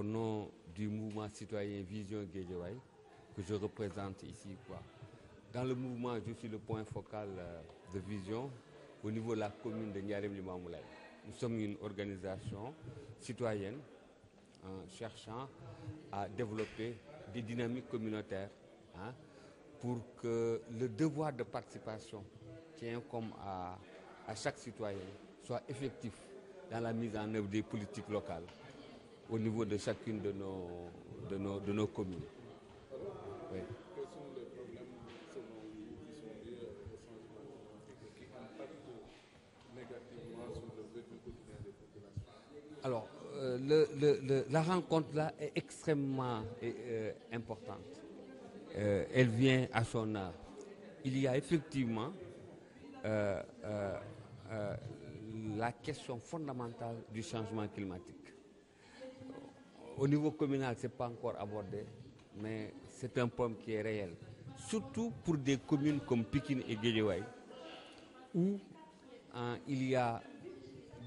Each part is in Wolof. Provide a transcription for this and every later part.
au nom du mouvement citoyen Vision Guédiawaye que je représente ici. Dans le mouvement, je suis le point focal euh, de Vision au niveau de la commune de Nyarim Limamoulay. Nous sommes une organisation citoyenne en hein, cherchant à développer des dynamiques communautaires hein, pour que le devoir de participation qui comme à, à chaque citoyen soit effectif dans la mise en œuvre des politiques locales au niveau de chacune de nos, de nos, de nos communes. Alors, euh, le, le, le, la rencontre là est extrêmement euh, euh, importante. elle vient à son art. Il y a effectivement la question fondamentale du changement climatique. Au niveau communal, ce n'est pas encore abordé, mais c'est un problème qui est réel. Surtout pour des communes comme Pékin et Guédiouaï, où hein, il y a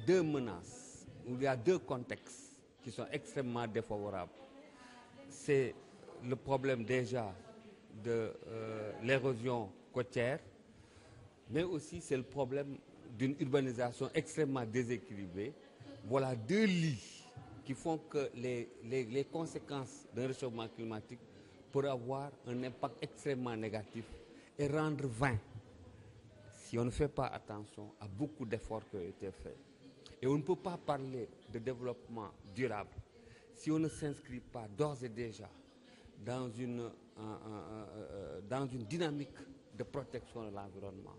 deux menaces, où il y a deux contextes qui sont extrêmement défavorables. C'est le problème déjà de euh, l'érosion côtière, mais aussi c'est le problème d'une urbanisation extrêmement déséquilibrée. Voilà deux lits qui font que les, les, conséquences d'un réchauffement climatique pourraient avoir un impact extrêmement négatif et rendre vain, si on ne fait pas attention à beaucoup d'efforts qui ont été faits. Et on ne peut pas parler de développement durable si on ne s'inscrit pas d'ores et déjà dans une, euh, euh, euh, dans une dynamique de protection de l'environnement,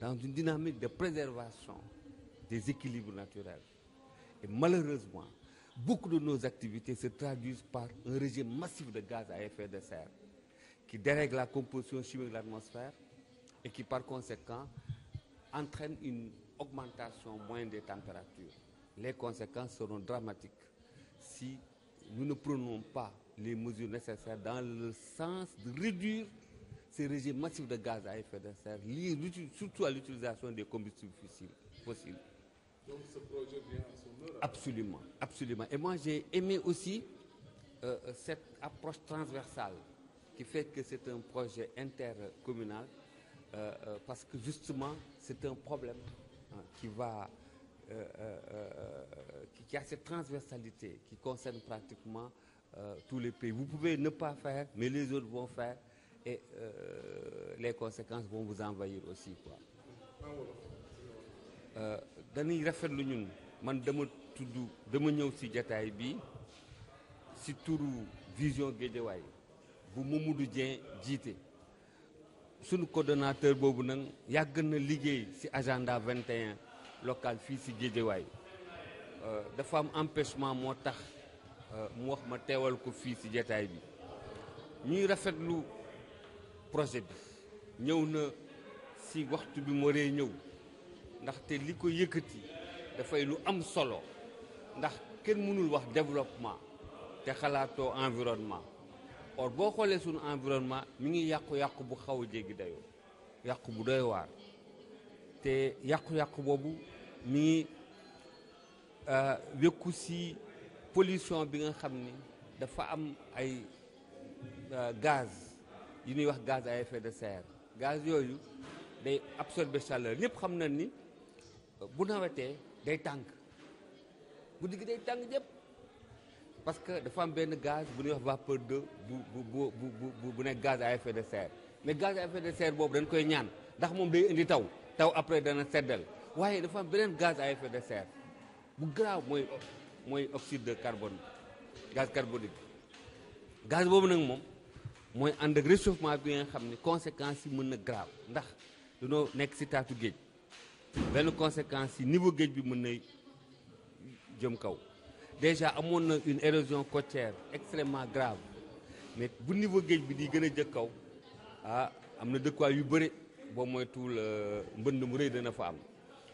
dans une dynamique de préservation des équilibres naturels. Et malheureusement, beaucoup de nos activités se traduisent par un régime massif de gaz à effet de serre qui dérègle la composition chimique de l'atmosphère et qui, par conséquent, entraîne une augmentation moyenne des températures. Les conséquences seront dramatiques si nous ne prenons pas les mesures nécessaires dans le sens de réduire ces régimes massifs de gaz à effet de serre liés surtout à l'utilisation des combustibles fossiles. Donc ce Absolument, absolument. Et moi, j'ai aimé aussi euh, euh, cette approche transversale qui fait que c'est un projet intercommunal euh, parce que justement, c'est un problème hein, qui va qui, a cette transversalité qui concerne pratiquement tous les pays. Vous pouvez ne pas faire, mais les autres vont faire et les conséquences vont vous envahir aussi. Quoi. tudd dama ñëw ci jataay bi ci turu vision Guédiawaye bu mu Mamadou Dieng jiite sunu coordonnateur boobu nag yàgg na liggéey ci agenda 21 local fii ci Guédiawaye euh, dafa am empêchement moo tax euh, mu wax ma teewal ko fii ci jataay bi ñuy rafetlu projet bi ñëw na ci waxtu bi mu waree ñëw ndaxte li ko yëkkati dafay lu am solo ndax kenn mënul wax développement te xalaatoo environnement or boo xoolee suñu environnement mi ngi yàqu-yàqu bu xaw a jéggi dayoo yàqu bu doy waar te yàqu-yàqu boobu mi ngi euh, wékku si pollution bi nga xam ni dafa am ay euh, gaz yu ñuy wax gaz à effet de serre gaz yooyu day absorber chaleur ñëpp xam na ni bu nawetee day tànk parce que dafa am benn gaz bu ñuy wax vapeur de bu gaz à effet de serre mais gaz à effet de serre dañ koy ñaan ndax après dana seddal waaye dafa am gaz à effet de serre bu grave oxyde de carbone gaz carbonique gaz boobu réchauffement bi nga ne conséquences grave ndax dañoo nekk si taatu benn conséquence niveau géej bi Déjà, il déjà a une érosion côtière extrêmement grave mais bu niveau géej bi il y a de kaw ah am de quoi yu euh, de fa am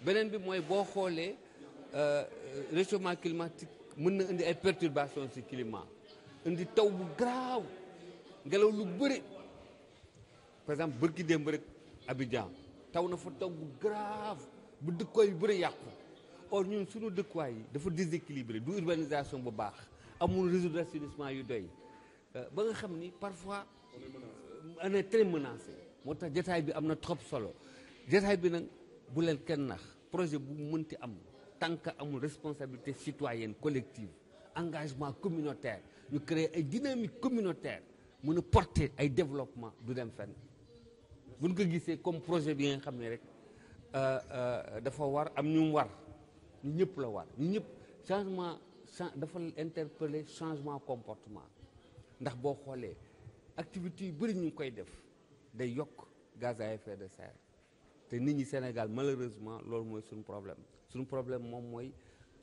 bi le euh, euh, réchauffement climatique mën na perturbations ci climat y grave par exemple si de rek Abidjan na fa taw grave bu y or ñun suñu dëkkuwaay yi dafa déséquilibré du urbanisation bu baax amul réseau d'assainissement yu doy euh, ba nga xam ni parfois on est très menacé moo tax jataay bi am na trop solo jataay bi nag bu leen kenn nax projet bu mënti am tant que amul responsabilité citoyenne collective engagement communautaire ñu créer ay dynamique communautaire mën porter ay développement du dem fenn buñ ko gisee comme projet bien, nga xam ne rek euh, euh, dafa war am ñu war ñu ñëpp la war ñu ñëpp changement dafa interpeller changement comportement ndax boo xoolee activité yu bëri ñu koy def day yokk gaz à effet de serre te nit ñi Sénégal malheureusement loolu mooy suñu problème suñu problème moom mooy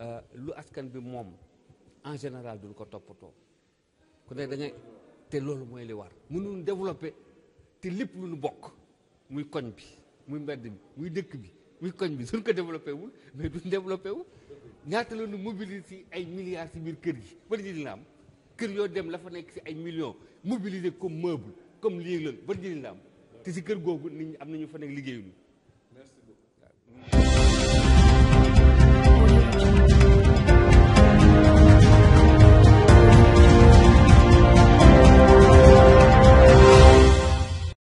euh, lu askan bi moom en général duñ ko toppatoo ku ne da ngay te loolu mooy li war mënuñu développer te lépp lu ñu bokk muy koñ bi muy mbedd bi muy dëkk bi muy koñ bi suñ ko développé wul mais duñ développé wu ñaata la ñu mobiliser si ay milliards si biir kër gi bari ji dina am kër yoo dem la fa nekk si ay millions mobiliser comme meuble comme lii lan bari di dina am te si kër googu nit ñi am nañu fa nekk liggéeyuñu